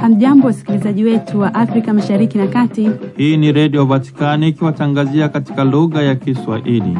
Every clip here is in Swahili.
Hamjambo, wasikilizaji wetu wa Afrika Mashariki na Kati. Hii ni Redio Vatikani ikiwatangazia katika lugha ya Kiswahili.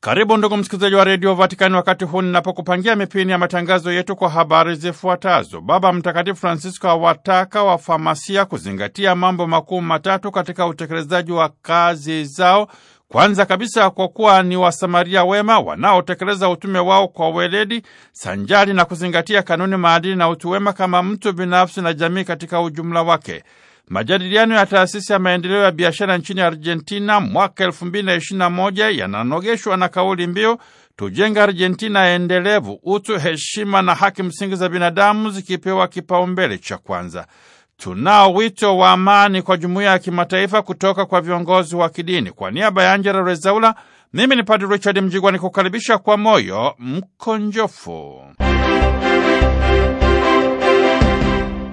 Karibu ndugu msikilizaji wa redio Vatikani, wakati huu ninapokupangia mipini ya matangazo yetu kwa habari zifuatazo. Baba Mtakatifu Francisco awataka wafamasia kuzingatia mambo makuu matatu katika utekelezaji wa kazi zao kwanza kabisa kwa kuwa ni Wasamaria wema wanaotekeleza utume wao kwa weledi sanjari na kuzingatia kanuni, maadili na utu wema kama mtu binafsi na jamii katika ujumla wake. Majadiliano ya taasisi ya maendeleo ya biashara nchini Argentina mwaka 2021 yananogeshwa na kauli mbiu tujenga Argentina endelevu, utu, heshima na haki msingi za binadamu zikipewa kipaumbele cha kwanza. Tunao wito wa amani kwa jumuiya ya kimataifa kutoka kwa viongozi wa kidini. Kwa niaba ya Angela Rezaula, mimi ni Padre Richard Mjigwa, kukaribisha kwa moyo mkonjofu.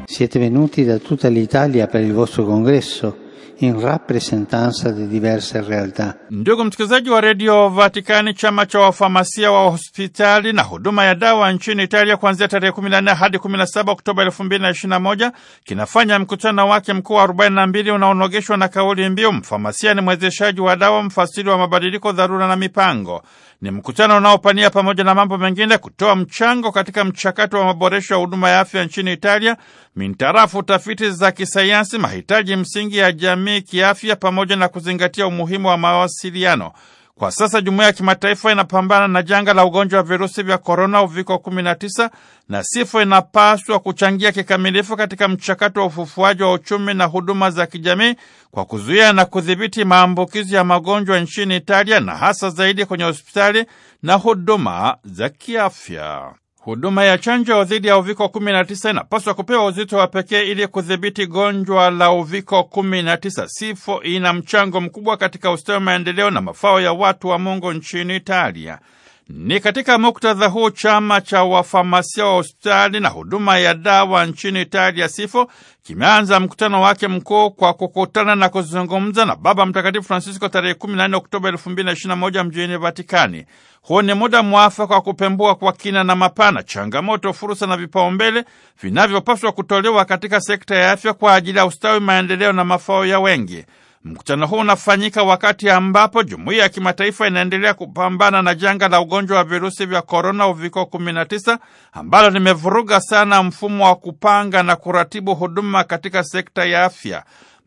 Siete venuti da tutta l'Italia per il vostro congresso in rappresentanza di diverse realtà. Ndugu msikilizaji wa redio Vatikani, chama cha wafamasia wa hospitali na huduma ya dawa nchini Italia kuanzia tarehe 14 hadi 17 Oktoba 2021 kinafanya mkutano wake mkuu wa 42 unaonogeshwa na kauli mbiu mfamasia ni mwezeshaji wa dawa, mfasiri wa mabadiliko, dharura na mipango. Ni mkutano unaopania pamoja na mambo mengine kutoa mchango katika mchakato wa maboresho ya huduma ya afya nchini Italia mintarafu tafiti za kisayansi, mahitaji msingi ya jamii kiafya, pamoja na kuzingatia umuhimu wa mawasiliano. Kwa sasa jumuiya ya kimataifa inapambana na janga la ugonjwa wa virusi vya korona uviko 19 na SIFO inapaswa kuchangia kikamilifu katika mchakato wa ufufuaji wa uchumi na huduma za kijamii kwa kuzuia na kudhibiti maambukizi ya magonjwa nchini Italia na hasa zaidi kwenye hospitali na huduma za kiafya. Huduma ya chanjo dhidi ya uviko 19 inapaswa kupewa uzito wa pekee ili kudhibiti gonjwa la uviko 19. Sifo ina mchango mkubwa katika ustawi, maendeleo na mafao ya watu wa Mungu nchini Italia. Ni katika muktadha huu chama cha wafamasia wa hospitali na huduma ya dawa nchini Italia SIFO kimeanza mkutano wake mkuu kwa kukutana na kuzungumza na Baba Mtakatifu Francisco tarehe 14 Oktoba 2021 mjini Vatikani. huu ni muda mwafaka wa kupembua kwa kina na mapana changamoto, fursa na vipaumbele vinavyopaswa kutolewa katika sekta ya afya kwa ajili ya ustawi, maendeleo na mafao ya wengi. Mkutano huu unafanyika wakati ambapo jumuiya ya kimataifa inaendelea kupambana na janga la ugonjwa wa virusi vya korona uviko 19 ambalo limevuruga sana mfumo wa kupanga na kuratibu huduma katika sekta ya afya.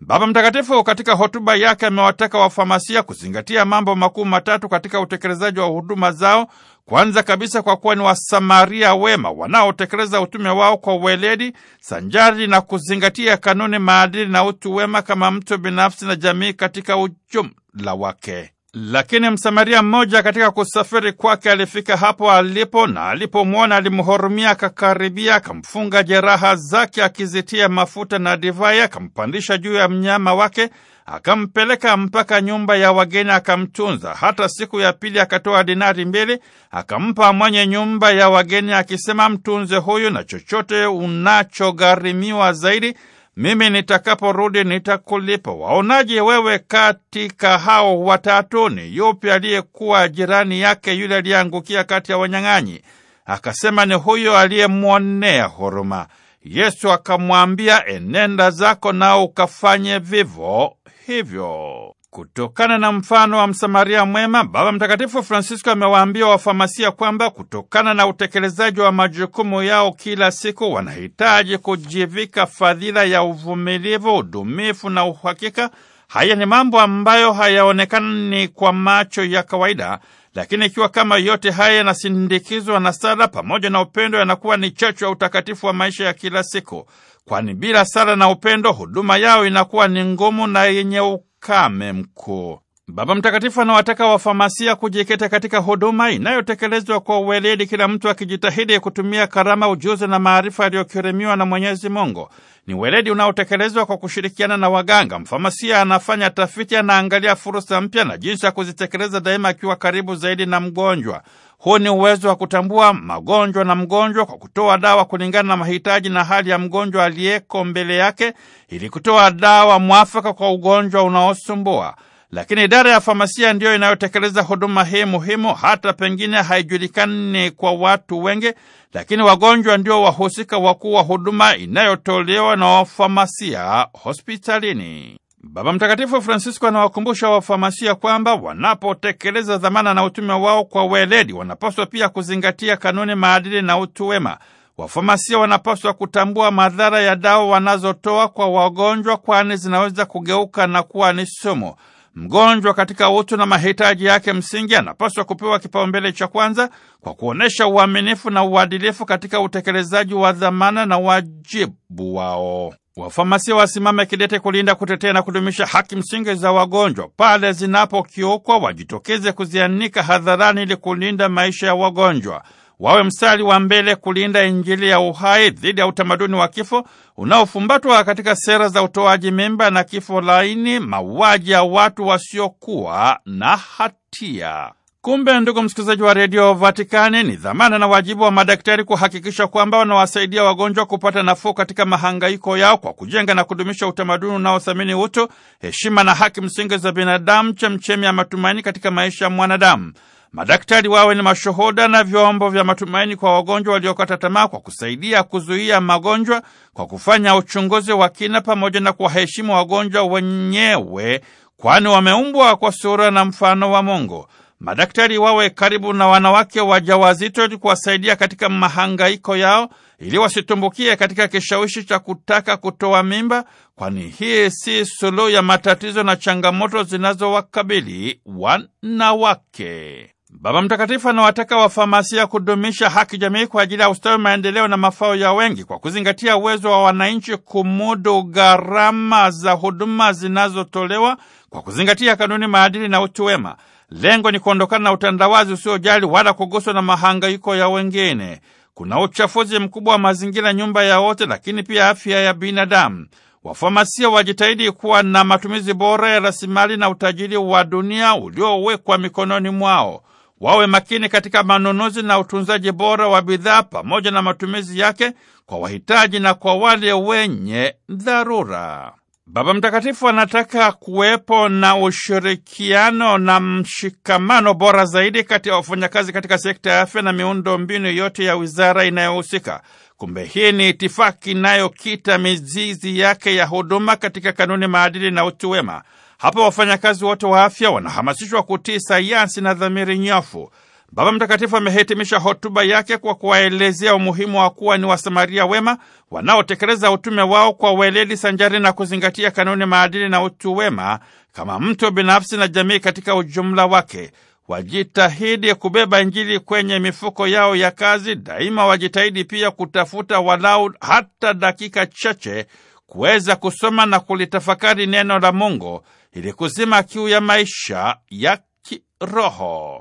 Baba Mtakatifu katika hotuba yake amewataka wafamasia kuzingatia mambo makuu matatu katika utekelezaji wa huduma zao. Kwanza kabisa, kwa kuwa ni Wasamaria wema wanaotekeleza utume wao kwa uweledi sanjari na kuzingatia kanuni, maadili na utu wema kama mtu binafsi na jamii katika ujumla wake. Lakini Msamaria mmoja katika kusafiri kwake alifika hapo alipo, na alipomwona alimhurumia, akakaribia, akamfunga jeraha zake, akizitia mafuta na divai, akampandisha juu ya mnyama wake, akampeleka mpaka nyumba ya wageni, akamtunza. Hata siku ya pili akatoa dinari mbili, akampa mwenye nyumba ya wageni, akisema, mtunze huyu, na chochote unachogharimiwa zaidi mimi nitakaporudi nitakulipa. Waonaje wewe katika hao watatu ni yupi aliyekuwa jirani yake yule aliyeangukia kati ya wanyang'anyi? Akasema, ni huyo aliyemwonea huruma. Yesu akamwambia, enenda zako, nao ukafanye vivyo hivyo. Kutokana na mfano wa Msamaria mwema, Baba Mtakatifu Francisco amewaambia wafamasia kwamba kutokana na utekelezaji wa majukumu yao kila siku wanahitaji kujivika fadhila ya uvumilivu, udumifu na uhakika. Haya ni mambo ambayo hayaonekani kwa macho ya kawaida, lakini ikiwa kama yote haya yanasindikizwa na sala pamoja na upendo, yanakuwa ni chachu ya utakatifu wa maisha ya kila siku, kwani bila sala na upendo huduma yao inakuwa ni ngumu na yenye kame mkuu. Baba Mtakatifu anawataka wafamasia kujikita katika huduma inayotekelezwa kwa uweledi, kila mtu akijitahidi kutumia karama, ujuzi na maarifa yaliyokirimiwa na Mwenyezi Mungu. Ni uweledi unaotekelezwa kwa kushirikiana na waganga. Mfamasia anafanya tafiti, anaangalia fursa mpya na jinsi ya kuzitekeleza, daima akiwa karibu zaidi na mgonjwa. Huu ni uwezo wa kutambua magonjwa na mgonjwa kwa kutoa dawa kulingana na mahitaji na hali ya mgonjwa aliyeko mbele yake, ili kutoa dawa mwafaka kwa ugonjwa unaosumbua lakini idara ya famasia ndiyo inayotekeleza huduma hii muhimu, hata pengine haijulikani kwa watu wengi, lakini wagonjwa ndio wahusika wakuu wa huduma inayotolewa na wafamasia hospitalini. Baba Mtakatifu Francisco anawakumbusha wafamasia kwamba wanapotekeleza dhamana na utume wao kwa weledi, wanapaswa pia kuzingatia kanuni, maadili na utu wema. Wafamasia wanapaswa kutambua madhara ya dawa wanazotoa kwa wagonjwa, kwani zinaweza kugeuka na kuwa ni sumu. Mgonjwa katika utu na mahitaji yake msingi anapaswa kupewa kipaumbele cha kwanza kwa kuonyesha uaminifu na uadilifu katika utekelezaji wa dhamana na wajibu wao. Wafamasia wasimame kidete kulinda, kutetea na kudumisha haki msingi za wagonjwa. Pale zinapokiukwa, wajitokeze kuzianika hadharani ili kulinda maisha ya wagonjwa wawe mstari wa mbele kulinda Injili ya uhai dhidi ya utamaduni wa kifo unaofumbatwa katika sera za utoaji mimba na kifo laini, mauaji ya watu wasiokuwa na hatia. Kumbe ndugu msikilizaji wa redio Vatikani, ni dhamana na wajibu wa madaktari kuhakikisha kwamba wanawasaidia wagonjwa kupata nafuu katika mahangaiko yao kwa kujenga na kudumisha utamaduni unaothamini utu, heshima na haki msingi za binadamu, chemchemi ya matumaini katika maisha ya mwanadamu. Madaktari wawe ni mashuhuda na vyombo vya matumaini kwa wagonjwa waliokata tamaa, kwa kusaidia kuzuia magonjwa, kwa kufanya uchunguzi wa kina, pamoja na kuwaheshimu wagonjwa wenyewe, kwani wameumbwa kwa sura na mfano wa Mungu. Madaktari wawe karibu na wanawake wajawazito ili kuwasaidia katika mahangaiko yao, ili wasitumbukie katika kishawishi cha kutaka kutoa mimba, kwani hii si suluhu ya matatizo na changamoto zinazowakabili wanawake. Baba Mtakatifu anawataka wafamasia kudumisha haki jamii kwa ajili ya ustawi, maendeleo na mafao ya wengi kwa kuzingatia uwezo wa wananchi kumudu gharama za huduma zinazotolewa kwa kuzingatia kanuni, maadili na utu wema. Lengo ni kuondokana na utandawazi usiojali wala kuguswa na mahangaiko ya wengine. Kuna uchafuzi mkubwa wa mazingira, nyumba ya wote, lakini pia afya ya binadamu. Wafamasia wajitahidi kuwa na matumizi bora ya rasilimali na utajiri wa dunia uliowekwa mikononi mwao wawe makini katika manunuzi na utunzaji bora wa bidhaa pamoja na matumizi yake kwa wahitaji na kwa wale wenye dharura. Baba Mtakatifu anataka kuwepo na ushirikiano na mshikamano bora zaidi kati ya wafanyakazi katika sekta ya afya na miundo mbinu yote ya wizara inayohusika. Kumbe hii ni itifaki inayokita mizizi yake ya huduma katika kanuni, maadili na utu wema. Hapa wafanyakazi wote wa afya wanahamasishwa kutii sayansi na dhamiri nyafu. Baba Mtakatifu amehitimisha hotuba yake kwa kuwaelezea umuhimu wa kuwa ni Wasamaria wema wanaotekeleza utume wao kwa weledi sanjari na kuzingatia kanuni, maadili na utu wema kama mtu binafsi na jamii katika ujumla wake. Wajitahidi kubeba Injili kwenye mifuko yao ya kazi daima. Wajitahidi pia kutafuta walau hata dakika chache kuweza kusoma na kulitafakari neno la Mungu ili kuzima kiu ya maisha ya kiroho.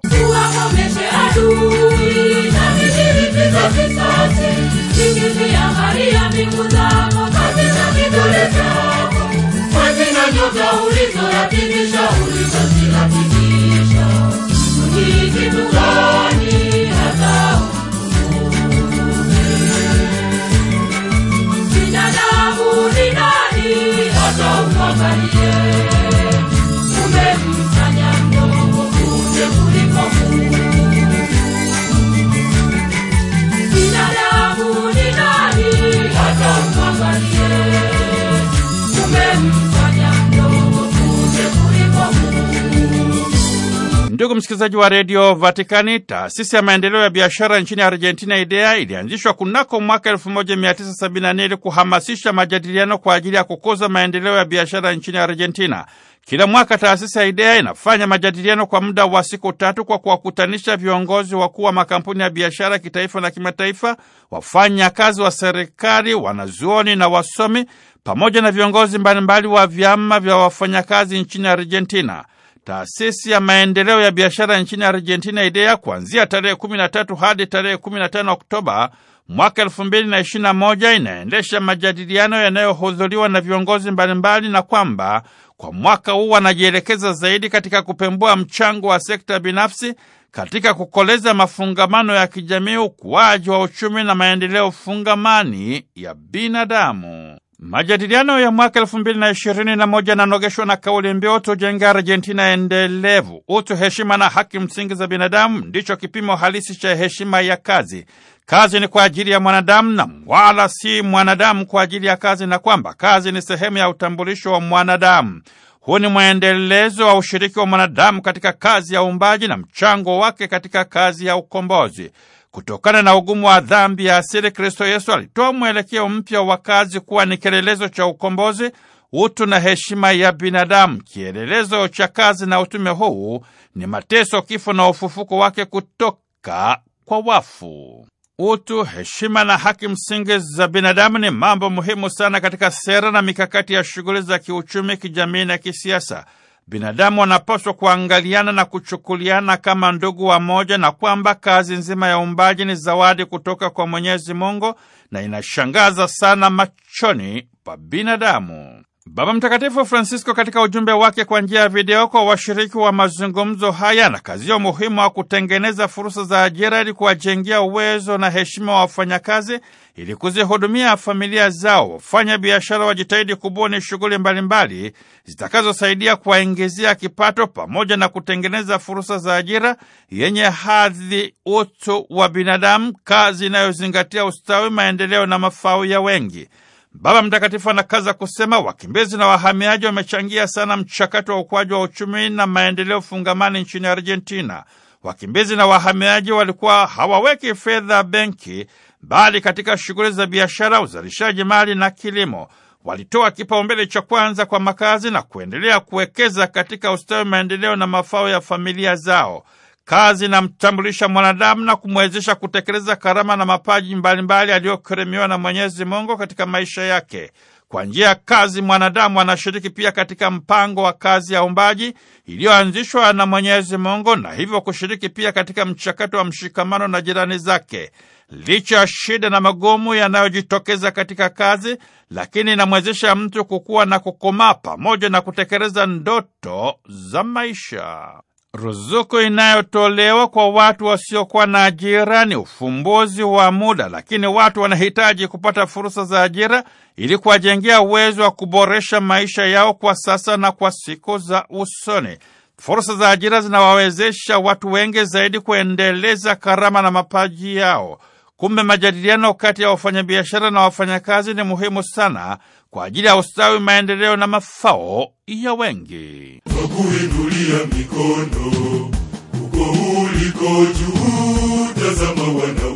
Hata umwangalie msikilizaji wa redio Vatikani, taasisi ya maendeleo ya biashara nchini Argentina, IDEA, ilianzishwa kunako mwaka 1974 kuhamasisha majadiliano kwa ajili ya kukuza maendeleo ya biashara nchini Argentina. Kila mwaka taasisi ya IDEA inafanya majadiliano kwa muda wa siku tatu kwa kuwakutanisha viongozi wakuu wa makampuni ya biashara kitaifa na kimataifa, wafanyakazi wa serikali, wanazuoni na wasomi, pamoja na viongozi mbalimbali wa vyama vya wafanyakazi nchini Argentina. Taasisi ya maendeleo ya biashara nchini Argentina IDEA kuanzia tarehe 13 hadi tarehe 15 Oktoba mwaka 2021 inaendesha majadiliano yanayohudhuriwa na viongozi mbalimbali na kwamba kwa mwaka huu wanajielekeza zaidi katika kupembua mchango wa sekta binafsi katika kukoleza mafungamano ya kijamii, ukuaji wa uchumi na maendeleo fungamani ya binadamu. Majadiliano ya mwaka elfu mbili na ishirini na moja yananogeshwa na kauli mbiu tujenge Argentina endelevu. Utu, heshima na haki msingi za binadamu ndicho kipimo halisi cha heshima ya kazi. Kazi ni kwa ajili ya mwanadamu na wala si mwanadamu kwa ajili ya kazi, na kwamba kazi ni sehemu ya utambulisho wa mwanadamu. Huu ni mwendelezo wa ushiriki wa mwanadamu katika kazi ya uumbaji na mchango wake katika kazi ya ukombozi. Kutokana na ugumu wa dhambi ya asili, Kristo Yesu alitoa mwelekeo mpya wa kazi kuwa ni kielelezo cha ukombozi, utu na heshima ya binadamu. Kielelezo cha kazi na utume huu ni mateso, kifo na ufufuko wake kutoka kwa wafu. Utu, heshima na haki msingi za binadamu ni mambo muhimu sana katika sera na mikakati ya shughuli za kiuchumi, kijamii na kisiasa binadamu wanapaswa kuangaliana na kuchukuliana kama ndugu wa moja, na kwamba kazi nzima ya uumbaji ni zawadi kutoka kwa Mwenyezi Mungu na inashangaza sana machoni pa binadamu. Baba Mtakatifu Francisco katika ujumbe wake kwa njia ya video kwa washiriki wa mazungumzo haya na kazi umuhimu wa kutengeneza fursa za ajira ili kuwajengia uwezo na heshima wa wafanyakazi ili kuzihudumia familia zao. Wafanya biashara wajitahidi kubuni shughuli mbalimbali zitakazosaidia kuwaingizia kipato pamoja na kutengeneza fursa za ajira yenye hadhi, utu wa binadamu, kazi inayozingatia ustawi, maendeleo na mafao ya wengi. Baba Mtakatifu anakaza kusema wakimbizi na wahamiaji wamechangia sana mchakato wa ukuaji wa uchumi na maendeleo fungamani nchini Argentina. Wakimbizi na wahamiaji walikuwa hawaweki fedha benki, bali katika shughuli za biashara, uzalishaji mali na kilimo. Walitoa kipaumbele cha kwanza kwa makazi na kuendelea kuwekeza katika ustawi, maendeleo na mafao ya familia zao. Kazi inamtambulisha mwanadamu na kumwezesha kutekeleza karama na mapaji mbalimbali aliyokeremiwa na Mwenyezi Mungu katika maisha yake. Kwa njia ya kazi mwanadamu anashiriki pia katika mpango wa kazi ya umbaji iliyoanzishwa na Mwenyezi Mungu na hivyo kushiriki pia katika mchakato wa mshikamano na jirani zake. Licha ya shida na magumu yanayojitokeza katika kazi, lakini inamwezesha mtu kukua na kukomaa pamoja na kutekeleza ndoto za maisha ruzuku inayotolewa kwa watu wasiokuwa na ajira ni ufumbuzi wa muda, lakini watu wanahitaji kupata fursa za ajira ili kuwajengea uwezo wa kuboresha maisha yao kwa sasa na kwa siku za usoni. Fursa za ajira zinawawezesha watu wengi zaidi kuendeleza karama na mapaji yao. Kumbe majadiliano kati ya wafanyabiashara na wafanyakazi ni muhimu sana kwa ajili ya ustawi, maendeleo na mafao ya wengi. Kwa kuinulia mikono uko uliko juu, tazama wana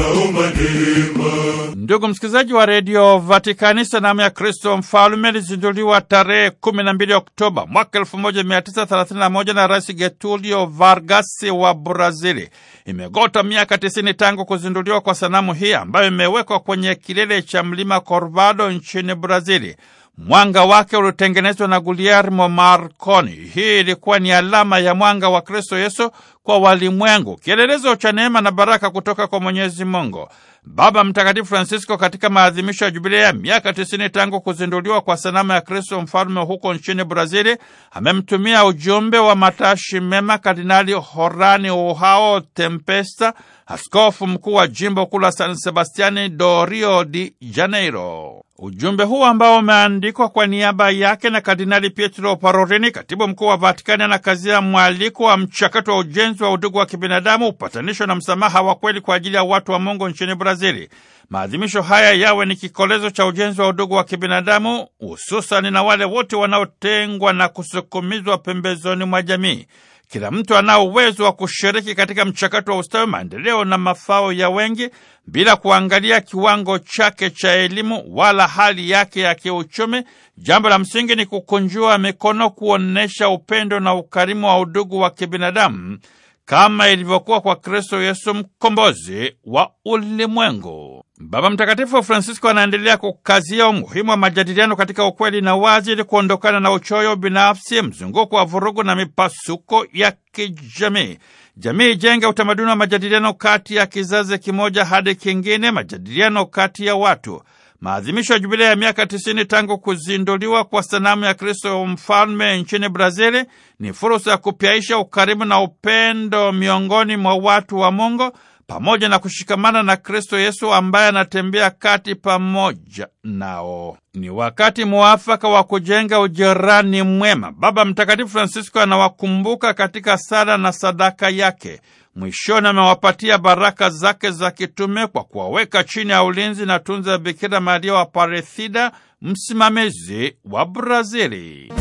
naomba neema. Ndugu msikilizaji wa redio Vatikani, sanamu ya Kristo Mfalume ilizinduliwa tarehe 12 Oktoba mwaka 1931 na Rais Getulio Vargas wa Brazili. Imegota miaka 90 tangu kuzinduliwa kwa sanamu hii ambayo imewekwa kwenye kilele cha mlima Corvado nchini Brazili mwanga wake uliotengenezwa na Guglielmo Marconi. Hii ilikuwa ni alama ya mwanga wa Kristo Yesu kwa walimwengu, kielelezo cha neema na baraka kutoka kwa Mwenyezi Mungu. Baba Mtakatifu Francisco katika maadhimisho ya jubilia ya miaka tisini tangu kuzinduliwa kwa sanamu ya Kristo mfalme huko nchini Brazili amemtumia ujumbe wa matashi mema Kardinali Horani uhao Tempesta, askofu mkuu wa jimbo kuu la San Sebastiani do Rio di Janeiro. Ujumbe huu ambao umeandikwa kwa niaba yake na Kardinali Pietro Parolin, katibu mkuu wa Vatikani, anakazia mwaliko wa mchakato wa ujenzi wa udugu wa kibinadamu, upatanisho na msamaha wa kweli kwa ajili ya watu wa Mungu nchini Brazili. Maadhimisho haya yawe ni kikolezo cha ujenzi wa udugu wa kibinadamu, hususani na wale wote wanaotengwa na kusukumizwa pembezoni mwa jamii. Kila mtu ana uwezo wa kushiriki katika mchakato wa ustawi, maendeleo na mafao ya wengi bila kuangalia kiwango chake cha elimu wala hali yake ya kiuchumi. Jambo la msingi ni kukunjua mikono, kuonyesha upendo na ukarimu wa udugu wa kibinadamu kama ilivyokuwa kwa Kristo Yesu mkombozi wa ulimwengu. Baba Mtakatifu Francisco anaendelea kukazia umuhimu wa majadiliano katika ukweli na wazi ili kuondokana na uchoyo binafsi, mzunguko wa vurugu na mipasuko ya kijamii. Jamii ijenge utamaduni wa majadiliano kati ya kizazi kimoja hadi kingine, majadiliano kati ya watu Maadhimisho ya jubilei ya miaka tisini tangu kuzinduliwa kwa sanamu ya Kristo mfalme nchini Brazili ni fursa ya kupyaisha ukarimu na upendo miongoni mwa watu wa Mungu pamoja na kushikamana na Kristo Yesu ambaye anatembea kati pamoja nao. Ni wakati muafaka wa kujenga ujirani mwema. Baba Mtakatifu Francisco anawakumbuka katika sala na sadaka yake. Mwishoni amewapatia baraka zake za kitume kwa kuwaweka chini ya ulinzi na tunza ya Bikira Maria wa Parethida, msimamizi wa Brazili.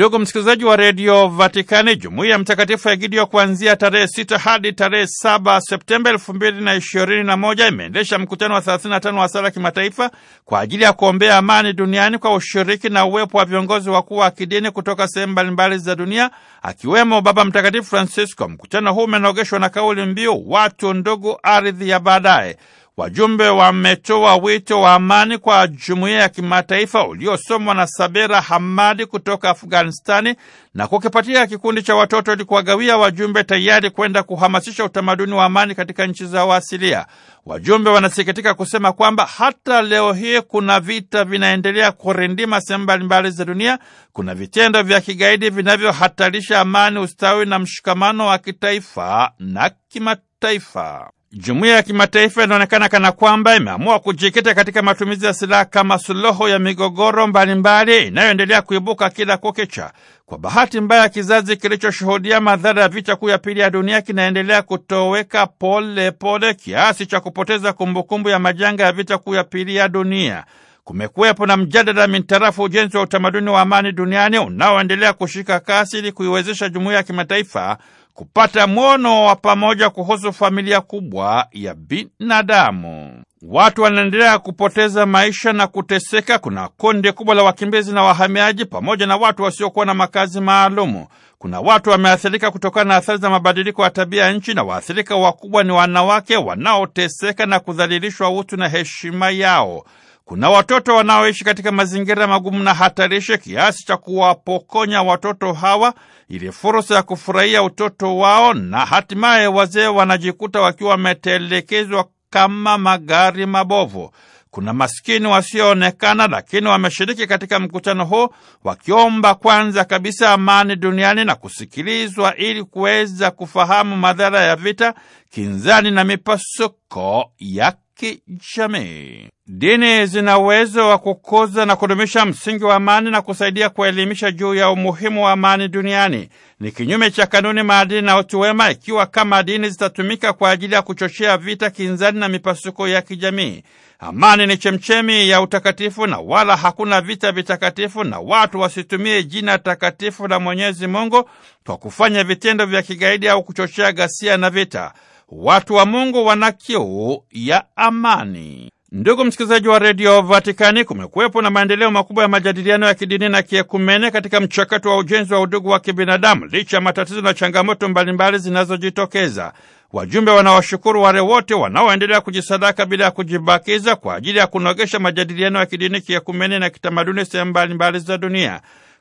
Ndugu msikilizaji wa redio Vatikani, jumuiya Mtakatifu ya Egidio kuanzia tarehe sita hadi tarehe saba Septemba elfu mbili na ishirini na moja imeendesha mkutano wa 35 wa sala kimataifa kwa ajili ya kuombea amani duniani kwa ushiriki na uwepo wa viongozi wakuu wa kidini kutoka sehemu mbalimbali za dunia akiwemo Baba Mtakatifu Francisco. Mkutano huu umenogeshwa na kauli mbiu watu, ndugu, ardhi ya baadaye wajumbe wametoa wito wa amani kwa jumuiya ya kimataifa uliosomwa na Sabera Hamadi kutoka Afghanistani na kukipatia kikundi cha watoto ili kuwagawia wajumbe tayari kwenda kuhamasisha utamaduni wa amani katika nchi zao asilia. Wajumbe wanasikitika kusema kwamba hata leo hii kuna vita vinaendelea kurindima sehemu mbalimbali za dunia. Kuna vitendo vya kigaidi vinavyohatarisha amani, ustawi na mshikamano wa kitaifa na kimataifa. Jumuiya ya kimataifa inaonekana kana kwamba imeamua kujikita katika matumizi ya silaha kama suluhu ya migogoro mbalimbali inayoendelea kuibuka kila kukicha. Kwa bahati mbaya, kizazi kilichoshuhudia madhara ya vita kuu ya pili ya dunia kinaendelea kutoweka pole pole kiasi cha kupoteza kumbukumbu ya majanga ya vita kuu ya pili ya dunia. Kumekuwepo na mjadala mintarafu ujenzi wa utamaduni wa amani duniani unaoendelea kushika kasi ili kuiwezesha jumuiya ya kimataifa kupata mwono wa pamoja kuhusu familia kubwa ya binadamu. Watu wanaendelea kupoteza maisha na kuteseka. Kuna kundi kubwa la wakimbizi na wahamiaji pamoja na watu wasiokuwa na makazi maalumu. Kuna watu wameathirika kutokana na athari za mabadiliko ya tabia ya nchi, na waathirika wakubwa ni wanawake wanaoteseka na kudhalilishwa utu na heshima yao. Kuna watoto wanaoishi katika mazingira magumu na hatarishi kiasi cha kuwapokonya watoto hawa ili fursa ya kufurahia utoto wao, na hatimaye wazee wanajikuta wakiwa wametelekezwa kama magari mabovu. Kuna maskini wasioonekana lakini wameshiriki katika mkutano huu wakiomba kwanza kabisa amani duniani na kusikilizwa ili kuweza kufahamu madhara ya vita, kinzani na mipasuko ya kijamii. Dini zina uwezo wa kukuza na kudumisha msingi wa amani na kusaidia kuelimisha juu ya umuhimu wa amani duniani. Ni kinyume cha kanuni, maadili na utu wema ikiwa kama dini zitatumika kwa ajili ya kuchochea vita, kinzani na mipasuko ya kijamii. Amani ni chemchemi ya utakatifu na wala hakuna vita vitakatifu, na watu wasitumie jina takatifu la Mwenyezi Mungu kwa kufanya vitendo vya kigaidi au kuchochea ghasia na vita watu wa Mungu wana kiu ya amani. Ndugu msikilizaji wa redio Vatikani, kumekuwepo na maendeleo makubwa ya majadiliano ya kidini na kiekumene katika mchakato wa ujenzi wa udugu wa kibinadamu licha ya matatizo na changamoto mbalimbali zinazojitokeza. Wajumbe wanawashukuru wale wote wanaoendelea kujisadaka bila ya kujibakiza kwa ajili ya kunogesha majadiliano ya kidini, kiekumene na kitamaduni sehemu mbalimbali za dunia.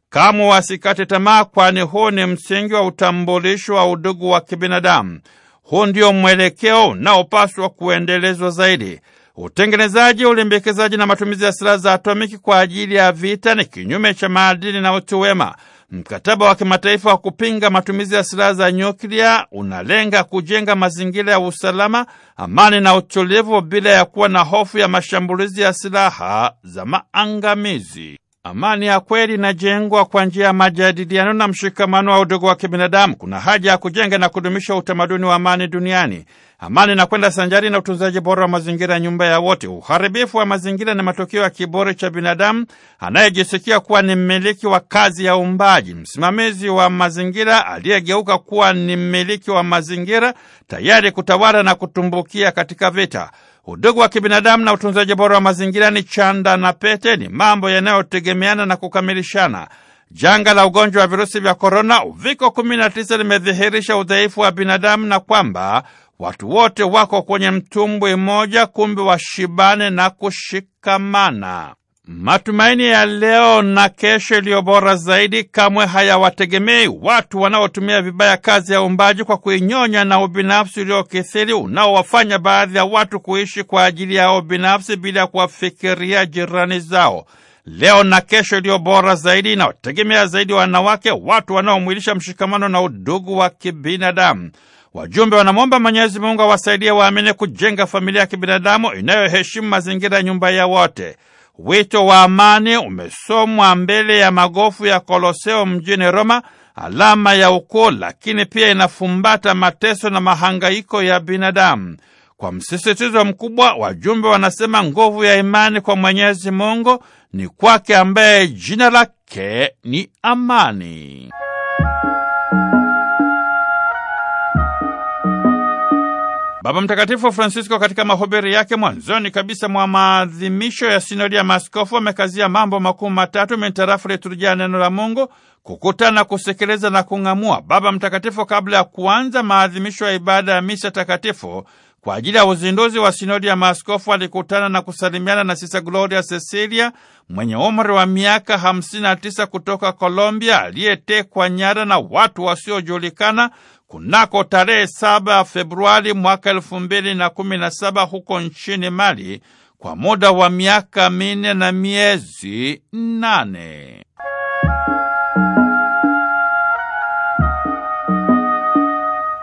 Kamwe wasikate tamaa, kwani huu ni msingi wa utambulisho wa udugu wa kibinadamu. Huu ndio mwelekeo unaopaswa kuendelezwa zaidi. Utengenezaji, ulimbikizaji na matumizi ya silaha za atomiki kwa ajili ya vita ni kinyume cha maadili na utu wema. Mkataba wa kimataifa wa kupinga matumizi ya silaha za nyuklia unalenga kujenga mazingira ya usalama, amani na utulivu bila ya kuwa na hofu ya mashambulizi ya silaha za maangamizi. Amani ya kweli inajengwa kwa njia ya majadiliano na mshikamano wa udugu wa kibinadamu. Kuna haja ya kujenga na kudumisha utamaduni wa amani duniani. Amani inakwenda sanjari na utunzaji bora wa mazingira, nyumba ya wote. Uharibifu wa mazingira ni matokeo ya kibore cha binadamu anayejisikia kuwa ni mmiliki wa kazi ya uumbaji. Msimamizi wa mazingira aliyegeuka kuwa ni mmiliki wa mazingira, tayari kutawala na kutumbukia katika vita. Udugu wa kibinadamu na utunzaji bora wa mazingira ni chanda na pete, ni mambo yanayotegemeana na kukamilishana. Janga la ugonjwa wa virusi vya korona uviko 19 limedhihirisha udhaifu wa binadamu na kwamba watu wote wako kwenye mtumbwi mmoja, kumbe washibane na kushikamana. Matumaini ya leo na kesho iliyo bora zaidi kamwe hayawategemei watu wanaotumia vibaya kazi ya uumbaji kwa kuinyonya na ubinafsi uliokithiri unaowafanya baadhi ya watu kuishi kwa ajili yao binafsi bila kuwafikiria jirani zao. Leo na kesho iliyo bora zaidi inaotegemea zaidi wanawake, watu wanaomwilisha mshikamano na udugu wa kibinadamu. Wajumbe wanamwomba Mwenyezi Mungu awasaidie waamini kujenga familia ya kibinadamu inayoheshimu mazingira ya nyumba ya wote. Wito wa amani umesomwa mbele ya magofu ya Koloseo mjini Roma, alama ya ukoo, lakini pia inafumbata mateso na mahangaiko ya binadamu. Kwa msisitizo mkubwa, wajumbe wanasema nguvu ya imani kwa Mwenyezi Mungu ni kwake ambaye jina lake ni amani. Baba Mtakatifu Francisco katika mahubiri yake mwanzoni kabisa mwa maadhimisho ya sinodi ya maaskofu amekazia mambo makuu matatu mintarafu liturujia ya neno la Mungu: kukutana, kusekeleza na kung'amua. Baba Mtakatifu kabla ya kuanza maadhimisho ya ibada ya misa takatifu kwa ajili ya uzinduzi wa sinodi ya maaskofu alikutana na kusalimiana na Sisa Gloria Cecilia mwenye umri wa miaka 59 kutoka Colombia, aliyetekwa nyara na watu wasiojulikana kunako tarehe saba Februari mwaka elfu mbili na kumi na saba huko nchini Mali kwa muda wa miaka minne na miezi nane.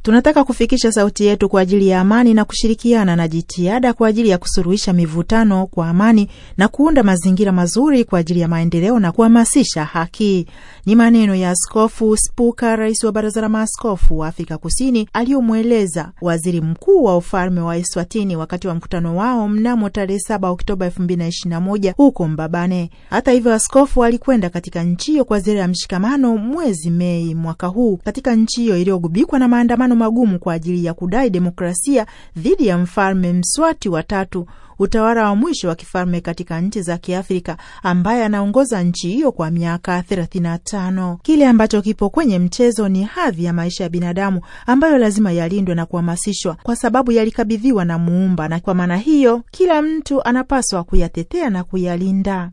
Tunataka kufikisha sauti yetu kwa ajili ya amani na kushirikiana na jitihada kwa ajili ya kusuluhisha mivutano kwa amani na kuunda mazingira mazuri kwa ajili ya maendeleo na kuhamasisha haki. Ni maneno ya Askofu Spuka, rais wa Baraza la Maaskofu wa Afrika Kusini, aliyomweleza waziri mkuu wa ufalme wa Eswatini wakati wa mkutano wao mnamo tarehe 7 Oktoba 2021 huko Mbabane. Hata hivyo, askofu alikwenda katika nchi hiyo kwa ziara ya mshikamano mwezi Mei mwaka huu katika nchi hiyo iliyogubikwa na maandamano mapambano magumu kwa ajili ya kudai demokrasia dhidi ya mfalme Mswati wa tatu, utawala wa mwisho wa kifalme katika nchi za Kiafrika, ambaye anaongoza nchi hiyo kwa miaka 35. Kile ambacho kipo kwenye mchezo ni hadhi ya maisha ya binadamu ambayo lazima yalindwe na kuhamasishwa, kwa sababu yalikabidhiwa na Muumba, na kwa maana hiyo kila mtu anapaswa kuyatetea na kuyalinda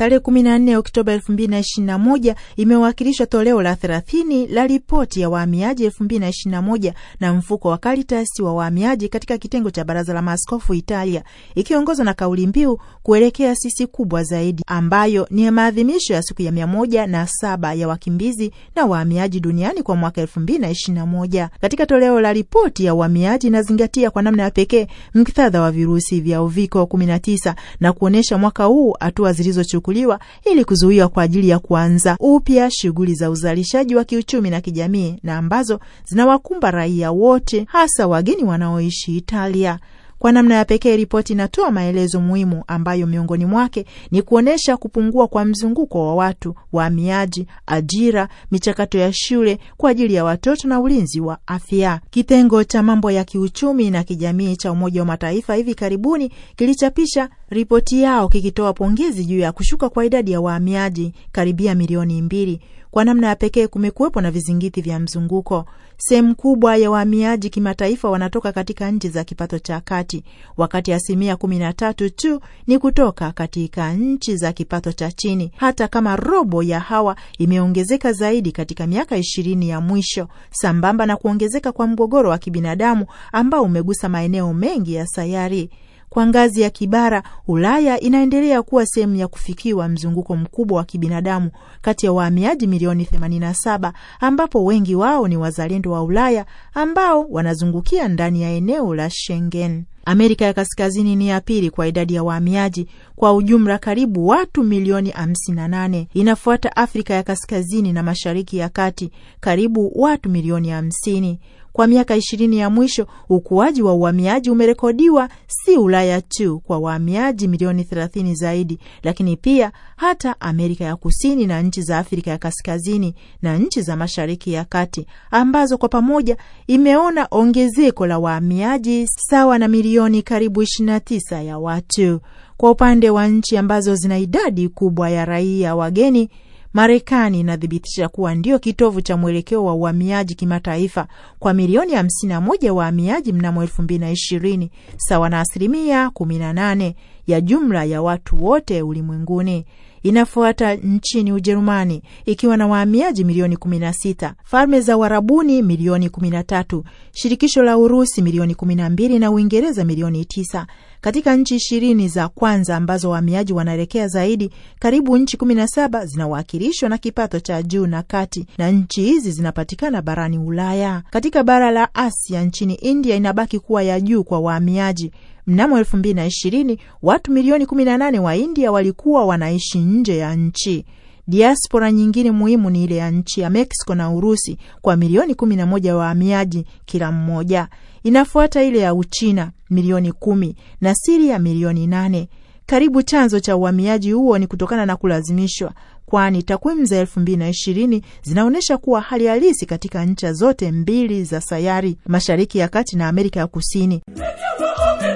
tarehe 14 Oktoba 2021 imewakilishwa toleo la 30 la ripoti ya wahamiaji 2021 na mfuko wa Karitasi wa wahamiaji katika kitengo cha baraza la maaskofu Italia, ikiongozwa na kauli mbiu kuelekea sisi kubwa zaidi, ambayo ni maadhimisho ya siku ya 107 ya wakimbizi na wahamiaji duniani kwa mwaka 2021. Katika toleo la ripoti ya uhamiaji inazingatia kwa namna ya pekee mktadha wa virusi vya uviko 19 na kuonyesha mwaka huu hatua zilizochukuliwa kuchukuliwa ili kuzuiwa kwa ajili ya kuanza upya shughuli za uzalishaji wa kiuchumi na kijamii na ambazo zinawakumba raia wote, hasa wageni wanaoishi Italia. Kwa namna ya pekee, ripoti inatoa maelezo muhimu ambayo miongoni mwake ni kuonyesha kupungua kwa mzunguko wa watu, wahamiaji, ajira, michakato ya shule kwa ajili ya watoto na ulinzi wa afya. Kitengo cha mambo ya kiuchumi na kijamii cha Umoja wa Mataifa hivi karibuni kilichapisha ripoti yao kikitoa pongezi juu ya kushuka kwa idadi ya wahamiaji karibia milioni mbili. Kwa namna ya pekee kumekuwepo na vizingiti vya mzunguko Sehemu kubwa ya wahamiaji kimataifa wanatoka katika nchi za kipato cha kati, wakati asilimia kumi na tatu tu ni kutoka katika nchi za kipato cha chini, hata kama robo ya hawa imeongezeka zaidi katika miaka ishirini ya mwisho, sambamba na kuongezeka kwa mgogoro wa kibinadamu ambao umegusa maeneo mengi ya sayari. Kwa ngazi ya kibara, Ulaya inaendelea kuwa sehemu ya kufikiwa mzunguko mkubwa wa kibinadamu kati ya wahamiaji milioni 87 ambapo wengi wao ni wazalendo wa Ulaya ambao wanazungukia ndani ya eneo la Schengen. Amerika ya Kaskazini ni ya pili kwa idadi ya wahamiaji kwa ujumla, karibu watu milioni 58. Inafuata Afrika ya Kaskazini na Mashariki ya Kati, karibu watu milioni 50. Kwa miaka ishirini ya mwisho, ukuaji wa uhamiaji umerekodiwa si Ulaya tu kwa wahamiaji milioni thelathini zaidi, lakini pia hata Amerika ya Kusini na nchi za Afrika ya Kaskazini na nchi za Mashariki ya Kati ambazo kwa pamoja imeona ongezeko la wahamiaji sawa na milioni karibu ishirini na tisa ya watu. Kwa upande wa nchi ambazo zina idadi kubwa ya raia wageni Marekani inathibitisha kuwa ndio kitovu cha mwelekeo wa uhamiaji kimataifa kwa milioni 51 wahamiaji mnamo 2020 sawa na asilimia 18 ya jumla ya watu wote ulimwenguni inafuata nchini Ujerumani ikiwa na wahamiaji milioni 16, falme za warabuni milioni 13, shirikisho la Urusi milioni 12 na Uingereza milioni 9. Katika nchi ishirini za kwanza ambazo wahamiaji wanaelekea zaidi, karibu nchi 17 zinawakilishwa na kipato cha juu na kati, na nchi hizi zinapatikana barani Ulaya. Katika bara la Asia, nchini India inabaki kuwa ya juu kwa wahamiaji Mnamo elfu mbili na ishirini watu milioni 18 wa India walikuwa wanaishi nje ya nchi. Diaspora nyingine muhimu ni ile ya nchi ya Mexico na Urusi kwa milioni kumi na moja wahamiaji kila mmoja. Inafuata ile ya Uchina milioni kumi na Siria milioni nane. Karibu chanzo cha uhamiaji huo ni kutokana na kulazimishwa, kwani takwimu za elfu mbili na ishirini zinaonyesha kuwa hali halisi katika ncha zote mbili za sayari, Mashariki ya Kati na Amerika ya Kusini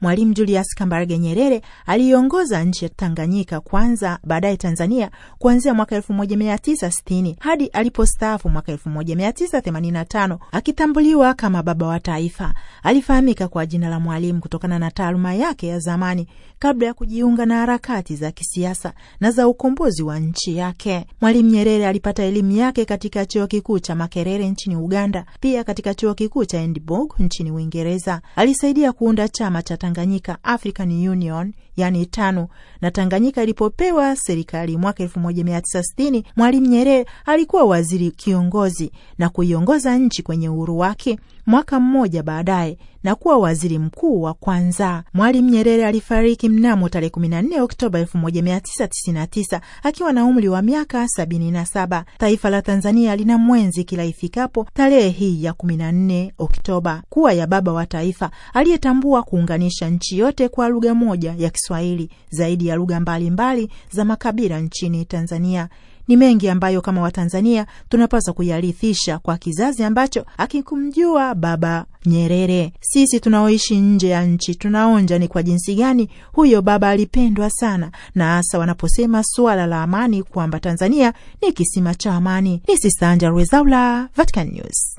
Mwalimu Julius Kambarage Nyerere aliiongoza nchi ya Tanganyika kwanza, baadaye Tanzania kuanzia mwaka 1960 hadi alipostaafu mwaka 1985, akitambuliwa kama baba wa taifa. Alifahamika kwa jina la Mwalimu kutokana na taaluma yake ya zamani kabla ya kujiunga na harakati za kisiasa na za ukombozi wa nchi yake. Mwalimu Nyerere alipata elimu yake katika chuo kikuu cha Makerere nchini Uganda, pia katika chuo kikuu cha Edinburgh nchini Uingereza. Alisaidia kuunda chama cha Tanganyika African Union yani tano na Tanganyika ilipopewa serikali mwaka 1960, Mwalimu Nyerere alikuwa waziri kiongozi na kuiongoza nchi kwenye uhuru wake Mwaka mmoja baadaye na kuwa waziri mkuu wa kwanza. Mwalimu Nyerere alifariki mnamo tarehe 14 Oktoba 1999 akiwa na umri wa miaka 77. Taifa la Tanzania lina mwenzi kila ifikapo tarehe hii ya 14 Oktoba kuwa ya baba wa taifa aliyetambua kuunganisha nchi yote kwa lugha moja ya Kiswahili zaidi ya lugha mbalimbali za makabila nchini Tanzania. Ni mengi ambayo kama Watanzania tunapaswa kuyarithisha kwa kizazi ambacho akikumjua Baba Nyerere. Sisi tunaoishi nje ya nchi tunaonja ni kwa jinsi gani huyo baba alipendwa sana, na hasa wanaposema suala la amani, kwamba Tanzania ni kisima cha amani. Ni Sista Angella Rwezaula, Vatican News.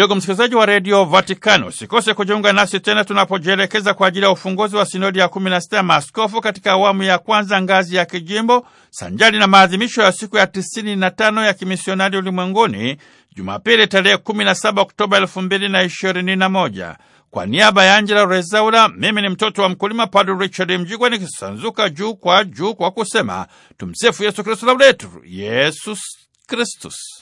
Ndugu msikilizaji wa redio Vatikani, usikose kujiunga nasi tena tunapojielekeza kwa ajili ya ufunguzi wa sinodi ya 16 ya maaskofu katika awamu ya kwanza ngazi ya kijimbo, sanjali na maadhimisho ya siku ya 95 ya kimisionari ulimwenguni, Jumapili tarehe 17 Oktoba 2021. Kwa niaba ya Angela Rezaula, mimi ni mtoto wa mkulima Padre Richard Mjigwa nikisanzuka juu kwa juu kwa kusema tumsifu Yesu Kristu, laudetur Yesus Kristus.